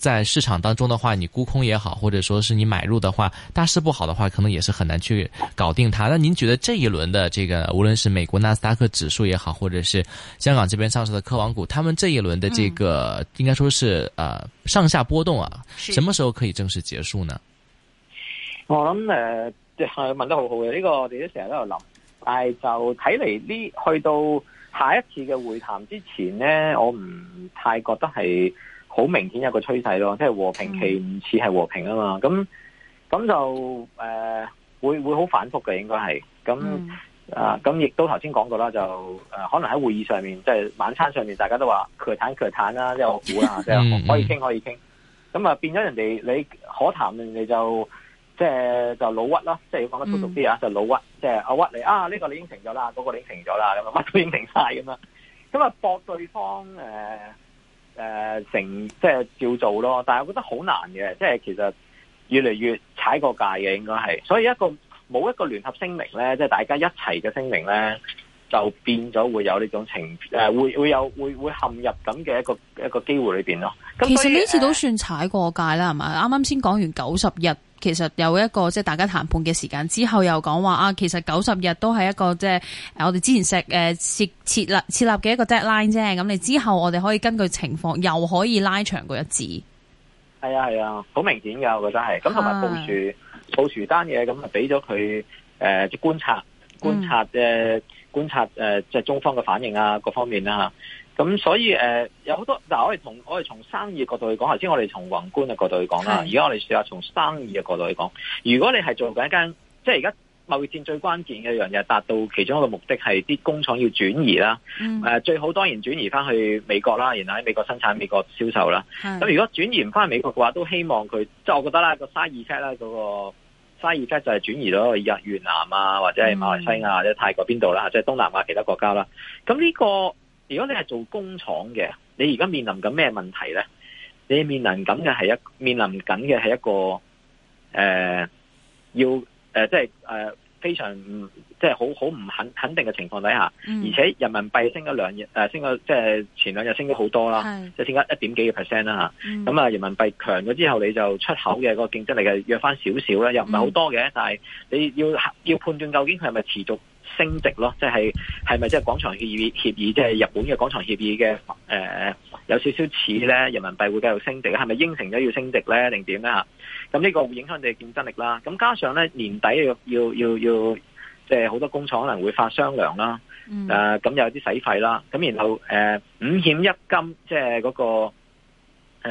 在市場當中的話，你沽空也好，或者說是你買入的話，大勢不好的話，可能也是很難去搞定它。那您覺得這一輪的這個，無論是美國納斯達克指數也好，或者是香港這邊上市的科網股，他們這一輪的這個，嗯、應該說是呃上下波動啊，什麼時候可以正式結束呢？我諗誒，係、呃、問得好好嘅，呢、這個我哋都成日都有諗，但係就睇嚟呢，去到下一次嘅會談之前呢，我唔太覺得係。好明顯有一個趨勢咯，即係和平期唔似係和平啊嘛，咁、嗯、咁就誒、呃、會會好反覆嘅應該係咁啊，咁亦、嗯呃、都頭先講過啦，就誒、呃、可能喺會議上面，即、就、係、是、晚餐上面，大家都話佢談佢談啦，即係我估啊，即係可以傾可以傾，咁、嗯、啊變咗人哋你可談人，人哋就即係就老屈咯，即係講得通俗啲啊，就老屈，即係阿、就是啊、屈你啊，呢、這個你應承咗啦，嗰、那個你應承咗啦，咁啊乜都應承晒咁啊，咁啊、嗯、搏對方誒。呃誒、呃，成即係照做咯，但係我覺得好難嘅，即係其實越嚟越踩過界嘅，應該係。所以一個冇一個聯合聲明咧，即係大家一齊嘅聲明咧，就變咗會有呢種情誒、呃，會會有會會陷入咁嘅一個一個機會裏邊咯。咁其實呢次都算踩過界啦，係、呃、咪？啱啱先講完九十日。其實有一個即係大家談判嘅時間之後又講話啊，其實九十日都係一個即係誒，我哋之前食誒設設立設立嘅一個 deadline 啫。咁你之後我哋可以根據情況又可以拉長個日子。係啊係啊，好、啊、明顯噶，我覺得係。咁同埋部署、啊、部署單嘢，咁啊俾咗佢誒，即觀察、嗯、觀察嘅、呃、觀察誒，即、呃、係、就是、中方嘅反應啊，各方面啦、啊咁所以誒、呃、有好多嗱、啊，我哋從我哋從生意角度去講，頭先我哋從宏觀嘅角度去講啦。而家我哋試下從生意嘅角度去講。如果你係做緊一間，即係而家貿易戰最關鍵嘅一樣嘢，達到其中一個目的係啲工廠要轉移啦。誒、嗯呃，最好當然轉移翻去美國啦，然後喺美國生產、美國銷售啦。咁如果轉移唔翻美國嘅話，都希望佢即係我覺得啦，個生意額啦，嗰個生意額就係轉移到依家越南啊，或者係馬來西亞、嗯、或者泰國邊度啦，即係東南亞其他國家啦。咁呢、這個如果你係做工廠嘅，你而家面臨緊咩問題咧？你面臨緊嘅係一，面臨緊嘅係一個，誒、呃，要誒，即係誒，非常即係好好唔肯肯定嘅情況底下，而且人民幣升咗兩日，誒，升咗即係前兩日升咗好多啦，就升咗一點幾嘅 percent 啦嚇。咁啊，人民幣強咗之後，你就出口嘅、個競爭力嘅弱翻少少啦，又唔係好多嘅、嗯，但係你要要判斷究竟佢係咪持續。升值咯，即係係咪即係廣場協議協議，即係日本嘅廣場協議嘅誒、呃，有少少似咧，人民幣會繼續升值，係咪應承咗要升值咧，定點咧吓？咁呢個會影響你嘅競爭力啦。咁加上咧年底要要要要，即係好多工廠可能會發商量啦，誒、呃、咁有啲使費啦，咁然後誒、呃、五險一金即係嗰個。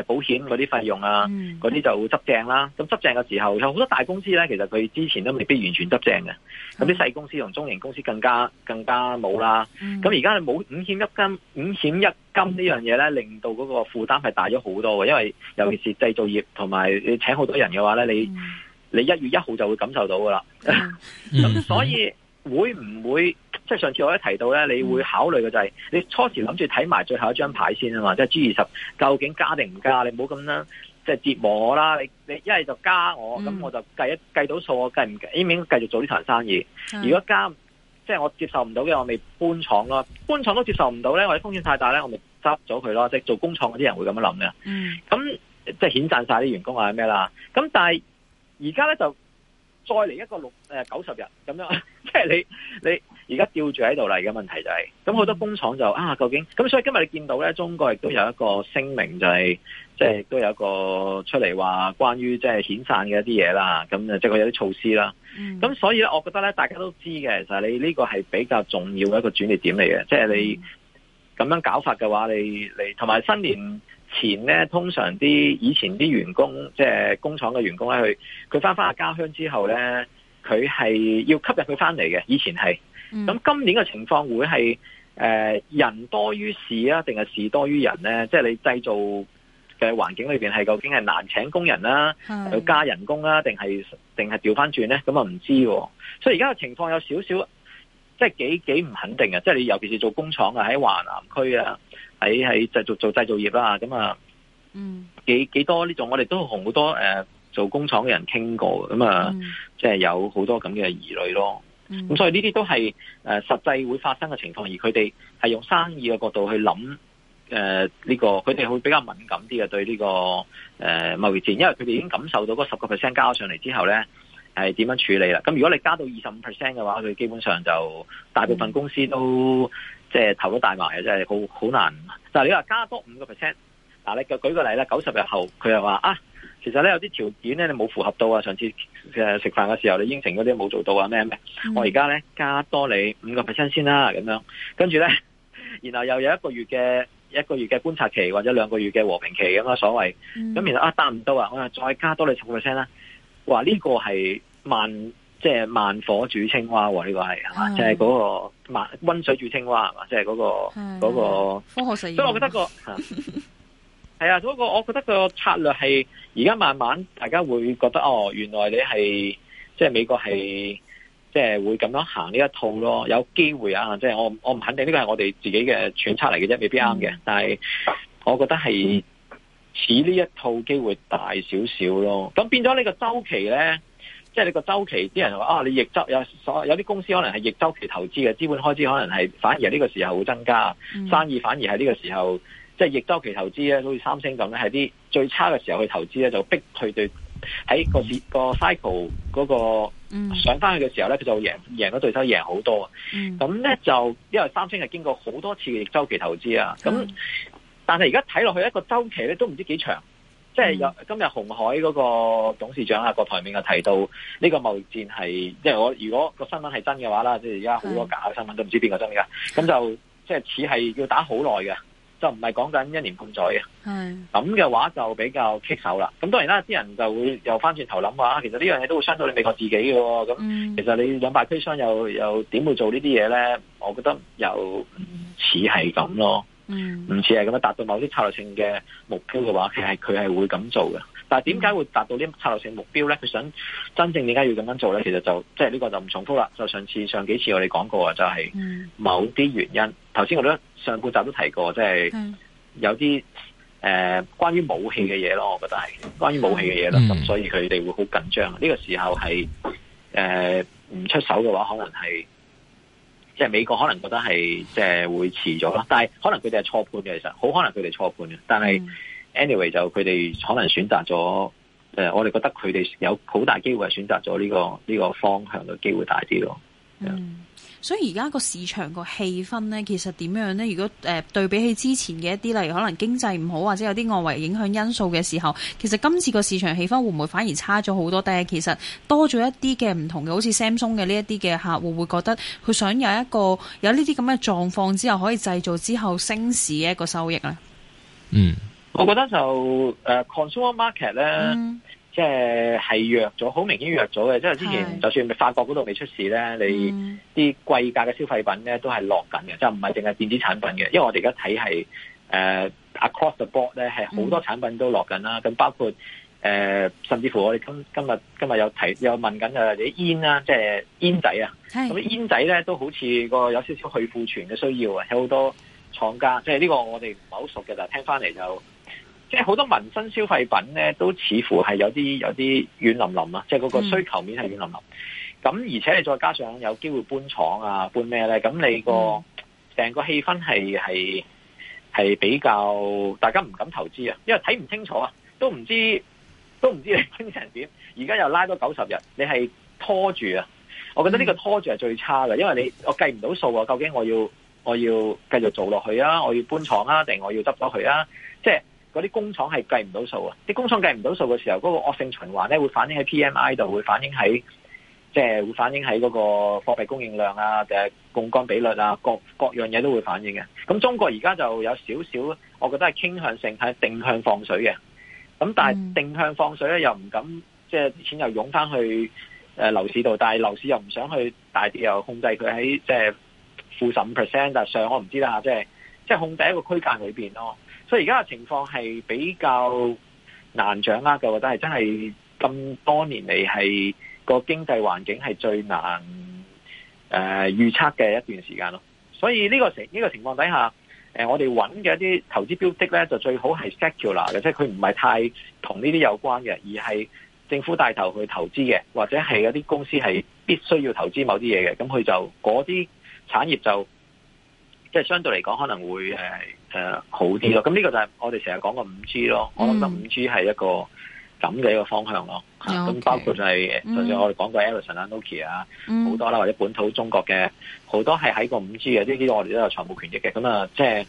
保險嗰啲費用啊，嗰、嗯、啲就執正啦。咁執正嘅時候有好多大公司咧，其實佢之前都未必完全執正嘅。咁啲細公司同中型公司更加更加冇啦。咁而家你冇五險一金，嗯、五險一金呢樣嘢咧令到嗰個負擔係大咗好多嘅。因為尤其是製造業同埋你請好多人嘅話咧，你、嗯、你一月一號就會感受到噶啦。咁、嗯、 所以。會唔會即係、就是、上次我一提到咧，你會考慮嘅就係、是、你初時諗住睇埋最後一張牌先啊嘛，即係 G 二十究竟加定唔加？你唔好咁啦，即、就、係、是、折磨我啦！你你一係就加我，咁、嗯、我就計一計到數，我計唔應唔應該繼續做呢場生意。如果加即係、就是、我接受唔到嘅，我咪搬廠咯。搬廠都接受唔到咧，或者風險太大咧，我咪執咗佢咯。即、就、係、是、做工廠嗰啲人會咁樣諗嘅。嗯，咁即係遣散晒啲員工啊咩啦。咁但係而家咧就。再嚟一個六誒九十日咁樣，即係你你而家吊住喺度啦，而家問題就係，咁好多工廠就啊究竟咁，所以今日你見到咧，中國亦都有一個聲明，就係即係都有一個出嚟話關於即係遣散嘅一啲嘢啦，咁啊即係佢有啲措施啦。咁所以咧，我覺得咧，大家都知嘅，其實你呢個係比較重要嘅一個轉捩點嚟嘅，即係你咁樣搞法嘅話，你你同埋新年。以前咧通常啲以前啲員工，即係工廠嘅員工咧，佢佢翻翻家鄉之後咧，佢係要吸引佢翻嚟嘅。以前係，咁今年嘅情況會係誒人多於事啊，定係事多於人咧？即係你製造嘅環境裏面係究竟係難請工人啦，要加人工啊，定係定係調翻轉咧？咁啊唔知，所以而家嘅情況有少少即係幾幾唔肯定啊！即係你尤其是做工廠啊，喺華南區啊。喺喺製造做製造業啦，咁啊，嗯，幾幾多呢種？我哋都同好多誒做工廠嘅人傾過，咁啊，即係有好多咁嘅疑慮咯。咁所以呢啲都係誒實際會發生嘅情況，而佢哋係用生意嘅角度去諗誒呢個，佢哋會比較敏感啲嘅對呢個誒貿易戰，因為佢哋已經感受到嗰十個 percent 加上嚟之後咧，係點樣處理啦？咁如果你加到二十五 percent 嘅話，佢基本上就大部分公司都。即係頭都大埋，真係好好難。嗱，你話加多五個 percent，嗱，你又舉個例啦，九十日後佢又話啊，其實咧有啲條件咧你冇符合到啊。上次誒食飯嘅時候你應承嗰啲冇做到啊咩咩。我而家咧加多你五個 percent 先啦，咁樣跟住咧，然後又有一個月嘅一個月嘅觀察期或者兩個月嘅和平期咁、嗯、啊，所謂。咁然後啊達唔到啊，我又再加多你十個 percent 啦。話呢個係萬。即、就、係、是、慢火煮青蛙喎、啊，呢、這個係，係嘛，即係嗰個慢温水煮青蛙係、啊、嘛，即係嗰個嗰個。科學實驗。那個、所以我覺得、那個係啊，不過 我覺得個策略係而家慢慢大家會覺得哦，原來你係即係美國係即係會咁樣行呢一套咯，有機會啊，即、就、係、是、我我唔肯定呢個係我哋自己嘅揣測嚟嘅啫，未必啱嘅、嗯，但係我覺得係似呢一套機會大少少咯，咁變咗呢個周期咧。即係你個周期，啲人話啊，你逆周有所，有啲公司可能係逆周期投資嘅，資本開支可能係反而呢個時候會增加，嗯、生意反而係呢個時候即係、即係、逆周期投資咧，好似三星咁咧，係啲最差嘅時候去投資咧，就逼佢對喺個個、嗰個 cycle 嗰、嗰個、嗯、上翻去嘅時候咧，佢就贏贏咗對手贏好多。咁、嗯、咧就因為三星係經過好多次嘅逆周期投資啊，咁、嗯、但係而家睇落去一個周期咧都唔知幾長。即、嗯、係今日紅海嗰個董事長啊個台面啊提到呢個貿易戰係，即、就、係、是、我如果個新聞係真嘅話啦，即係而家好多假嘅新聞都唔知邊個真噶，咁就即係似係要打好耐嘅，就唔係講緊一年半載嘅。咁嘅話就比較棘手啦。咁當然啦，啲人就會又翻轉頭諗話，其實呢樣嘢都會傷到你美國自己嘅。咁其實你兩敗俱傷又又點會做這些呢啲嘢咧？我覺得又似係咁咯。唔似係咁樣達到某啲策略性嘅目標嘅話，其實佢係會咁做嘅。但係點解會達到啲策略性目標咧？佢想真正點解要咁樣做咧？其實就即係呢個就唔重複啦。就上次上幾次我哋講過啊，就係某啲原因。頭先我都上半集都提過，即係有啲誒關於武器嘅嘢咯，我覺得係關於武器嘅嘢啦。咁，嗯，所以佢哋會好緊張。呢個時候係誒唔出手嘅話，可能係。即係美國可能覺得係即係會遲咗咯，但係可能佢哋係錯判嘅，其實好可能佢哋錯判嘅。但係 anyway 就佢哋可能選擇咗，誒我哋覺得佢哋有好大機會係選擇咗呢個呢個方向嘅機會大啲咯。嗯，所以而家個市場個氣氛呢，其實點樣呢？如果誒、呃、對比起之前嘅一啲，例如可能經濟唔好或者有啲外圍影響因素嘅時候，其實今次個市場氣氛會唔會反而差咗好多？但係其實多咗一啲嘅唔同嘅，好似 Samsung 嘅呢一啲嘅客戶會，會覺得佢想有一個有呢啲咁嘅狀況之後，可以製造之後升市嘅一個收益呢？嗯，我覺得就誒，consumer market 呢。嗯即係係弱咗，好明顯弱咗嘅。即係之前，就算法國嗰度未出事咧，嗯、你啲貴價嘅消費品咧都係落緊嘅，即係唔係淨係電子產品嘅。因為我哋而家睇係誒 across the board 咧，係好多產品都落緊啦。咁、嗯、包括誒、呃，甚至乎我哋今今日今日有提有問緊你啲煙啦，即係煙仔啊。咁煙仔咧都好似個有少少去庫存嘅需要啊，有好多廠家。即係呢個我哋唔係好熟嘅，但係聽翻嚟就。即係好多民生消費品咧，都似乎係有啲有啲軟淋淋啊！即係嗰個需求面係軟淋淋。咁、嗯、而且你再加上有機會搬廠啊，搬咩咧？咁你個成、嗯、個氣氛係係係比較大家唔敢投資啊，因為睇唔清楚啊，都唔知都唔知你傾成點。而家又拉多九十日，你係拖住啊！我覺得呢個拖住係最差嘅，嗯、因為你我計唔到數啊，究竟我要我要繼續做落去啊，我要搬廠啊，定我要執咗佢啊？即係。嗰啲工廠係計唔到數啊！啲工廠計唔到數嘅時候，嗰、那個惡性循環咧會反映喺 PMI 度，會反映喺即係會反映喺嗰、就是、個貨幣供應量啊，定係槓桿比率啊，各各樣嘢都會反映嘅。咁中國而家就有少少，我覺得係傾向性係定向放水嘅。咁但係定向放水咧、嗯、又唔敢，即係錢又湧翻去誒樓市度，但係樓市又唔想去大跌，又控制佢喺即係負十五 percent 啊上我不，我唔知啦，即係即係控制喺個區間裏邊咯。所以而家嘅情況係比較難掌握嘅，我覺得係真係咁多年嚟係個經濟環境係最難誒、呃、預測嘅一段時間咯。所以呢、呢個情呢、呢個情況底下，誒、呃、我哋揾嘅一啲投資標的咧，就最好係 secular 嘅，即係佢唔係太同呢啲有關嘅，而係政府帶頭去投資嘅，或者係一啲公司係必須要投資某啲嘢嘅。咁佢就嗰啲產業就即係、就是、相對嚟講可能會誒。呃誒、呃，好啲、嗯、咯，咁呢個就係我哋成日講個五 G 咯，我諗就五 G 係一個咁嘅一個方向咯。咁、okay，包括就係、是、就、嗯、算我哋講過 Ericsson 啊、嗯、Nokia 啊好多啦，或者本土中國嘅好多係喺個五 G 嘅，呢啲我哋都有財務權益嘅。咁啊，即係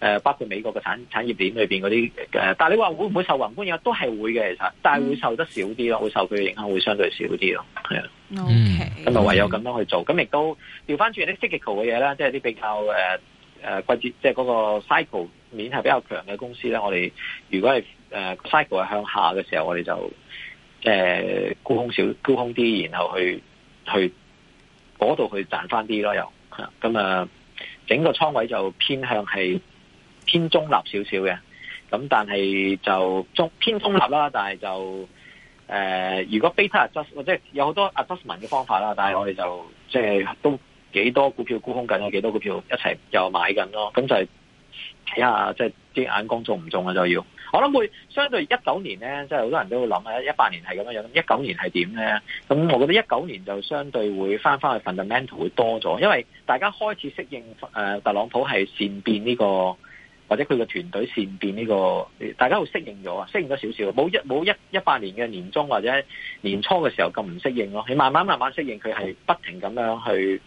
誒，包括美國嘅產產業鏈裏邊嗰啲誒，但係你話會唔會受宏觀影響？都係會嘅，其實，但係會受得少啲咯，會受佢嘅影響會相對少啲咯。係啊，咁啊，唯有咁樣去做。咁、okay。亦都調翻轉啲積極嘅嘢啦，即係啲比較誒。呃誒季節，即係嗰個 cycle 面係比較強嘅公司咧。我哋如果係誒、呃、cycle 係向下嘅時候，我哋就誒沽、呃、空少、沽空啲，然後去去嗰度去賺翻啲咯。又咁啊，整個倉位就偏向係偏中立少少嘅。咁但係就中偏中立啦。但係就誒、呃，如果 beta adjust 或者有好多 adjustment 嘅方法啦。但係我哋就即係、就是、都。幾多股票沽空緊，有幾多股票一齊又買緊咯？咁就係、是、睇下即係啲眼光中唔中啊！就要。我諗會相對一九年咧，即係好多人都會諗下一八年係咁樣樣，一九年係點咧？咁我覺得一九年就相對會翻翻去 fundamental 會多咗，因為大家開始適應、呃、特朗普係善變呢、這個，或者佢個團隊善變呢、這個，大家會適應咗啊，適應咗少少，冇一冇一一八年嘅年中或者年初嘅時候咁唔適應咯。你慢慢慢慢適應，佢係不停咁樣去。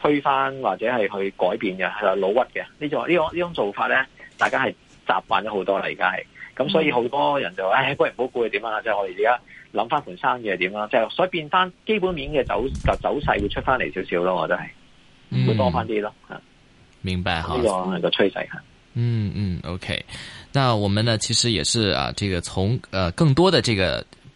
推翻或者係去改變嘅係老屈嘅呢種呢種呢種做法咧，大家係習慣咗好多啦，而家係咁，所以好多人就誒，個人唔好股佢點啊？即係我哋而家諗翻盤生意點呀？即係所以變翻基本面嘅走就走勢會出翻嚟少少咯，我覺得係會多翻啲咯，嗯嗯。明白吓，呢個係個趨勢吓。嗯嗯，OK。那我們呢，其實也是啊，這個從誒、呃、更多的這個。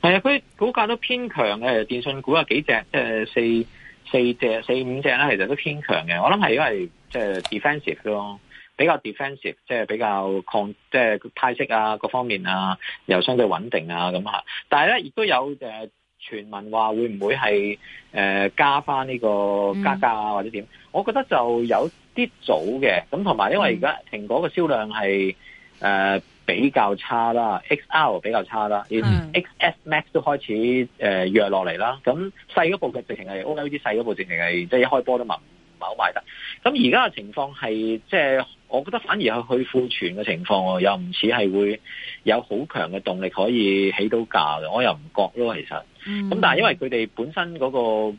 係啊，佢股價都偏強嘅，電信股有幾隻，即係四四隻四五隻啦，其實都偏強嘅。我諗係因為即係 defensive 咯，比較 defensive，即係比較抗，即係派息啊，各方面啊又相對穩定啊咁吓。但係咧亦都有誒傳聞話會唔會係誒加翻呢個加價啊、嗯、或者點？我覺得就有啲早嘅。咁同埋因為而家蘋果嘅銷量係誒。呃比較差啦，XR 比較差啦，XS Max 都開始誒弱落嚟啦。咁細嗰部嘅直情係，OLED 細嗰部直情係，即係一開波都唔唔好賣得。咁而家嘅情況係，即係我覺得反而係去庫存嘅情況喎，又唔似係會有好強嘅動力可以起到價嘅，我又唔覺咯，其實。咁但係因為佢哋本身嗰個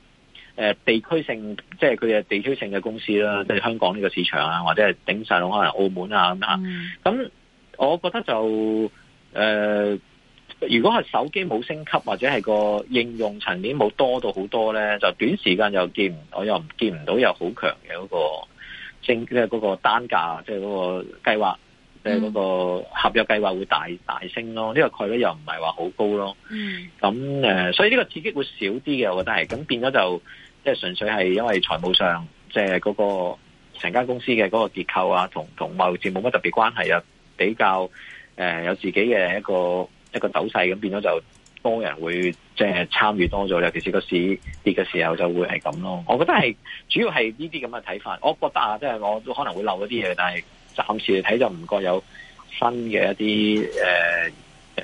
地區性，即係佢哋地區性嘅公司啦，即係香港呢個市場啊，或者係頂晒落可能澳門啊咁咁。我覺得就誒、呃，如果係手機冇升級，或者係個應用層面冇多到好多咧，就短時間又見，我又唔見唔到有好強嘅嗰、那個升，即、那個、單價，即係嗰個計劃，即係嗰個合約計劃會大大升咯。呢、這個概率又唔係話好高咯。嗯，咁誒，所以呢個刺激會少啲嘅，我覺得係咁變咗就即係、就是、純粹係因為財務上，即係嗰個成間公司嘅嗰個結構啊，同同貿易戰冇乜特別關係啊。比較誒、呃、有自己嘅一個一個走勢咁，變咗就多人會即係、就是、參與多咗，尤其是個市跌嘅時候就會係咁咯。我覺得係主要係呢啲咁嘅睇法。我覺得啊，即係我都可能會漏咗啲嘢，但係暫時嚟睇就唔覺有新嘅一啲誒誒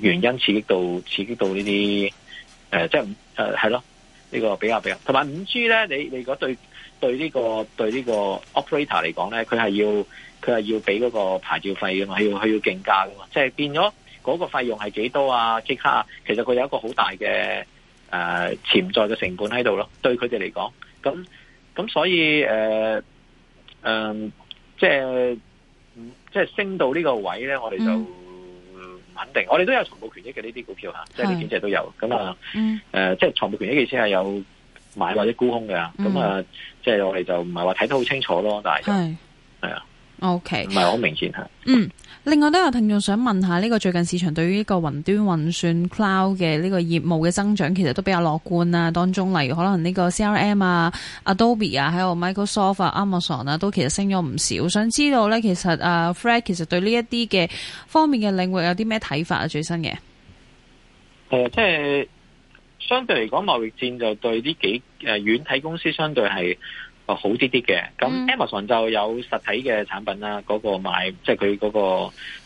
原因刺激到刺激到呢啲誒即係誒係咯呢個比較比較同埋五 G 咧，你你覺得對呢、呢個對呢個 operator 嚟講咧，佢係要？佢係要俾嗰個牌照費噶嘛，佢要佢要競價噶嘛，即係變咗嗰個費用係幾多啊？即刻、啊，其實佢有一個好大嘅誒潛在嘅成本喺度咯，對佢哋嚟講。咁咁所以誒誒、呃呃，即係即係升到呢個位咧，我哋就唔肯定。嗯、我哋都有財務權益嘅呢啲股票吓、嗯呃，即係呢幾隻都有咁啊。誒，即係財務權益先係有買或者沽空嘅。咁、嗯、啊，即係我哋就唔係話睇得好清楚咯，但係就係啊。O K，唔係好明顯嚇。嗯，另外都有聽眾想問一下呢、呢個最近市場對於呢個雲端運算 Cloud 嘅呢個業務嘅增長其實都比較樂觀啊。當中例如可能呢個 C R M 啊、Adobe 啊，喺度 Microsoft、啊、Amazon 啊，都其實升咗唔少。想知道呢，其實啊 Fred 其實對呢一啲嘅方面嘅領域有啲咩睇法啊？最新嘅係啊，即係相對嚟講，貿易戰就對呢幾誒軟體公司相對係。好啲啲嘅，咁 Amazon 就有實體嘅產品啦，嗰、嗯嗰個賣即係佢嗰個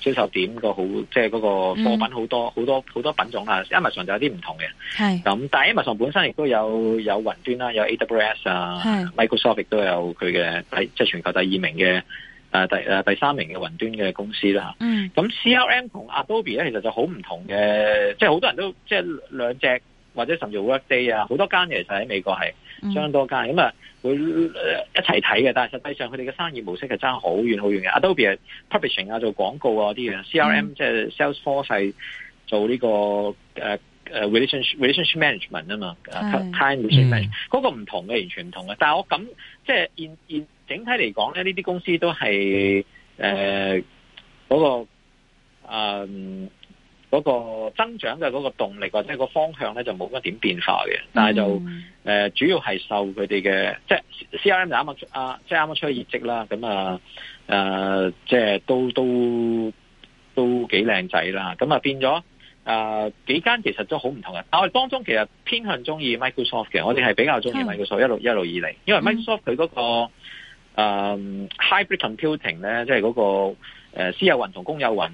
銷售點、嗰個好，即係嗰個貨品好多好、嗯、多好多品種啦。Amazon 就有啲唔同嘅，係咁，但係 Amazon 本身亦都有有雲端啦，有 AWS 啊，Microsoft 都有佢嘅即係全球第二名嘅，第第三名嘅雲端嘅公司啦咁、嗯、CRM 同 Adobe 咧，其實就好唔同嘅，即係好多人都即係、即係、兩隻或者甚至 Workday 啊，好多間其實喺美國係。相當多間咁啊，會一齊睇嘅。但係實際上佢哋嘅生意模式係爭好遠好遠嘅。Adobe 係 publishing 啊，做廣告啊啲嘢，CRM 即係 Salesforce 係做呢、呢個、嗯 uh, relationship relationship management 啊嘛 time relationship 嗰、嗯嗰個唔同嘅，完全唔同嘅。但係我咁即係現現整體嚟講咧，呢啲公司都係誒嗰個、um, 嗰、那個增長嘅嗰個動力或者、就是、個方向咧就冇乜點變化嘅，但係就誒、呃、主要係受佢哋嘅即係 C R M 就啱啱啊，即係啱啱出業績啦，咁啊誒即係都都都、啊啊、幾靚仔啦，咁啊變咗啊幾間其實都好唔同嘅，但我哋當中其實偏向中意 Microsoft 嘅，我哋係比較中意 Microsoft 一路一路，一路以嚟，因為 Microsoft 佢嗰、那個誒、啊、Hybrid Computing 咧，即係嗰個誒、呃、私有雲同公有雲。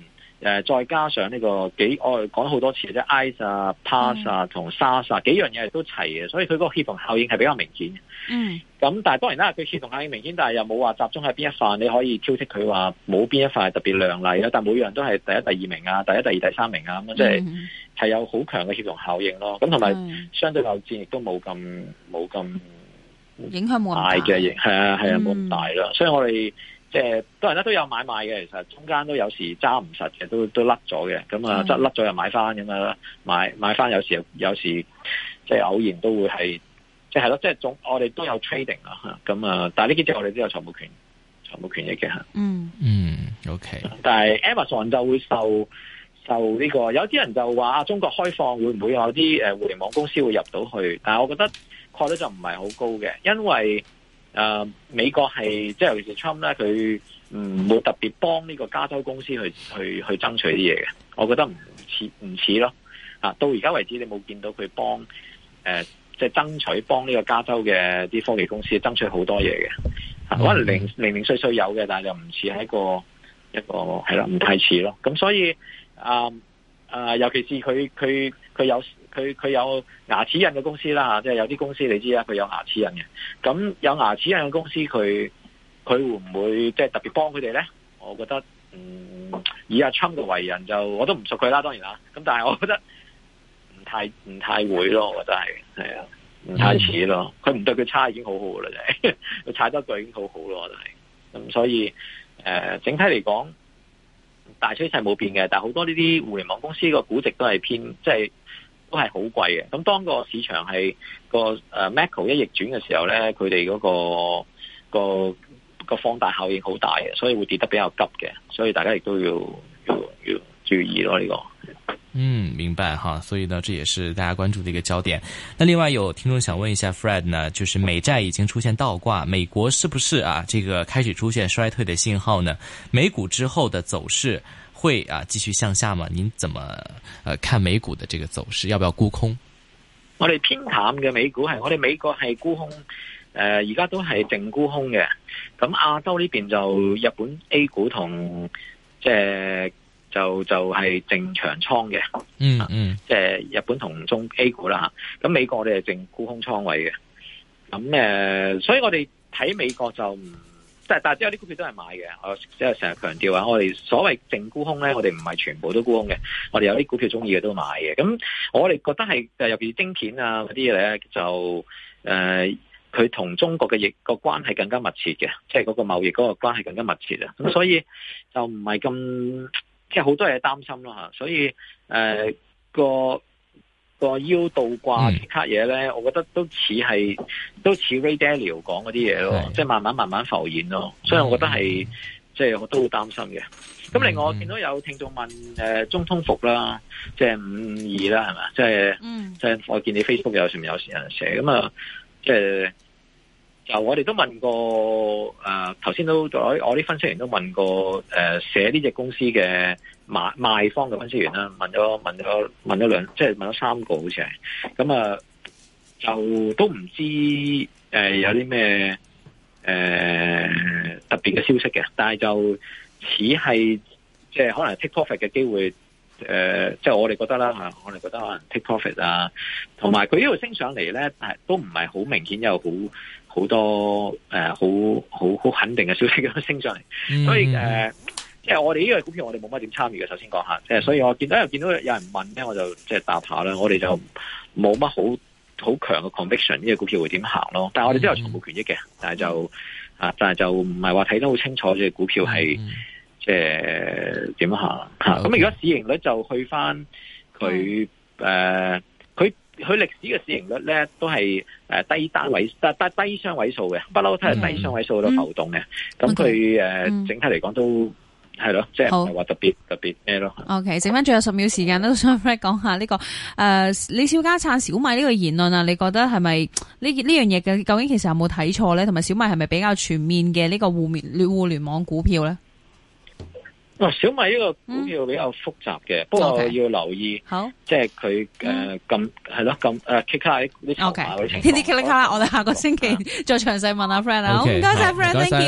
再加上呢、這個幾，我講好多次啫 IaaS 啊、PaaS 啊同 SaaS，幾樣嘢都齊嘅，所以佢個協同效應係比較明顯嘅。嗯，咁但係當然啦，佢協同效應明顯，但係又冇話集中喺邊一塊，你可以挑剔佢話冇邊一塊特別亮麗啦。但每樣都係第一、第二名啊，第一、第二、第三名啊咁，即係係有好強嘅協同效應咯。咁同埋相對較戰亦都冇咁冇咁影響冇咁大嘅，係啊係啊冇咁大啦、嗯。所以我哋。即係多人咧都有買賣嘅，其實中間都有時揸唔實嘅，都都甩咗嘅。咁啊，即係甩咗又買翻咁啊，買買翻有時有時即係偶然都會係即係咯，即係總我哋都有 trading 啊。咁啊，但係呢啲即係我哋都有財務權財務權益嘅。嗯嗯，OK。但係 Amazon 就會受受呢個有啲人就話中國開放會唔會有啲誒互聯網公司會入到去？但係我覺得概率就唔係好高嘅，因為。誒、呃，美國係即係尤其是 Trump 咧，佢唔冇特別幫呢個加州公司去去去爭取啲嘢嘅，我覺得唔似唔似咯。啊，到而家為止，你冇見到佢幫誒，即、呃、係、就是、爭取幫呢個加州嘅啲科技公司爭取好多嘢嘅。啊，可能零零零碎碎有嘅，但係又唔似係一個一個係咯，唔太似咯。咁所以啊啊、呃呃，尤其是佢佢佢有。佢佢有牙齒印嘅公司啦，即係有啲公司你知啦，佢有牙齒印嘅。咁有牙齒印嘅公司，佢佢會唔會即係特別幫佢哋咧？我覺得，嗯，以阿昌嘅為人就，我都唔熟佢啦，當然啦。咁但係我覺得唔太唔太會咯，我覺得係係啊，唔太似咯。佢唔對佢差已經好好啦，就係踩多句已經好好咯，就係咁。所以誒，整體嚟講，大趨勢冇變嘅，但係好多呢啲互聯網公司個估值都係偏即係。都係好貴嘅，咁當個市場係個誒 Macro 一逆轉嘅時候呢，佢哋嗰個個個放大效應好大嘅，所以會跌得比較急嘅，所以大家亦都要要要注意咯，這、呢個。嗯，明白哈，所以呢，這也是大家關注的一個焦點。那另外有聽眾想問一下 Fred 呢，就是美債已經出現倒掛，美國是不是啊？這個開始出現衰退的信號呢？美股之後的走勢？會啊，繼續向下嘛？您怎麼，呃，看美股的這個走勢，要不要沽空？我哋偏淡嘅美股係，我哋美國係沽空，誒、呃，而家都係淨沽空嘅。咁亞洲呢邊就日本 A 股同，即係就是、就係、是、淨長倉嘅。嗯嗯，即、就、係、是、日本同中 A 股啦。咁美國我哋係淨沽空倉位嘅。咁誒、呃，所以我哋睇美國就唔。但係，但係，之後啲股票都係買嘅。我即係成日強調話，我哋所謂淨沽空咧，我哋唔係全部都沽空嘅。我哋有啲股票中意嘅都買嘅。咁我哋覺得係，誒，尤其晶片啊嗰啲嘢咧，就誒，佢、呃、同中國嘅業個關係更加密切嘅，即係嗰個貿易嗰個關係更加密切啊。咁所以就唔係咁，即係好多嘢擔心咯嚇。所以誒、呃、個。個腰倒掛其他嘢咧、嗯，我覺得都似係都似 Ray Dalio 講嗰啲嘢咯，即係慢慢慢慢浮現咯、哦，所以我覺得係即係我都好擔心嘅。咁、嗯、另外我見到有聽眾問誒、呃、中通服啦，即係五五二啦，係咪？即係即係我見你 Facebook 有時有時人寫咁啊，即係就，、呃、就我哋都問過誒，頭、呃、先都我我啲分析員都問過誒、呃，寫呢隻公司嘅。賣方嘅分析員啦，問咗問咗問咗兩，即係問咗三個好似係，咁啊就都唔知誒、呃、有啲咩誒特別嘅消息嘅，但係就似係即係可能 take profit 嘅機會，誒即係我哋覺得啦吓，我哋覺得可能 take profit 啊，同埋佢呢度升上嚟咧，都唔係好明顯有好好多誒好好好肯定嘅消息咁升上嚟，所以誒。嗯即係我哋呢個股票，我哋冇乜點參與嘅。首先講下，即係所以我見到又見到有人問咧，我就即係答下啦。我哋就冇乜好好強嘅 conviction 呢個股票會點行咯。但係我哋都有全部權益嘅，mm -hmm. 但係就啊，但係就唔係話睇得好清楚，即係股票係、mm -hmm. 即係點行。咁、okay. 嗯、如果市盈率就去翻佢誒，佢、mm、佢 -hmm. 呃、歷史嘅市盈率咧都係誒低單位，但、mm -hmm. 低低雙位數嘅，不嬲都係低雙位數都、mm -hmm. 浮動嘅。咁佢誒整體嚟講都。係咯，即係話特別特別咩咯？OK，剩翻最後十秒時間都想 Frank 講下呢、這個誒、呃、李小加撐小米呢個言論啊，你覺得係咪呢呢樣嘢究竟其實有冇睇錯咧？同埋小米係咪比較全面嘅呢個互聯互聯網股票咧、哦？小米呢個股票比較複雜嘅、嗯，不過我要留意，okay, 即是他好，即係佢誒咁係咯咁誒 check 下啲 OK，呢啲 check 我哋下個星期再詳細問阿 Frank 啊。好，唔該晒 Frank thank you。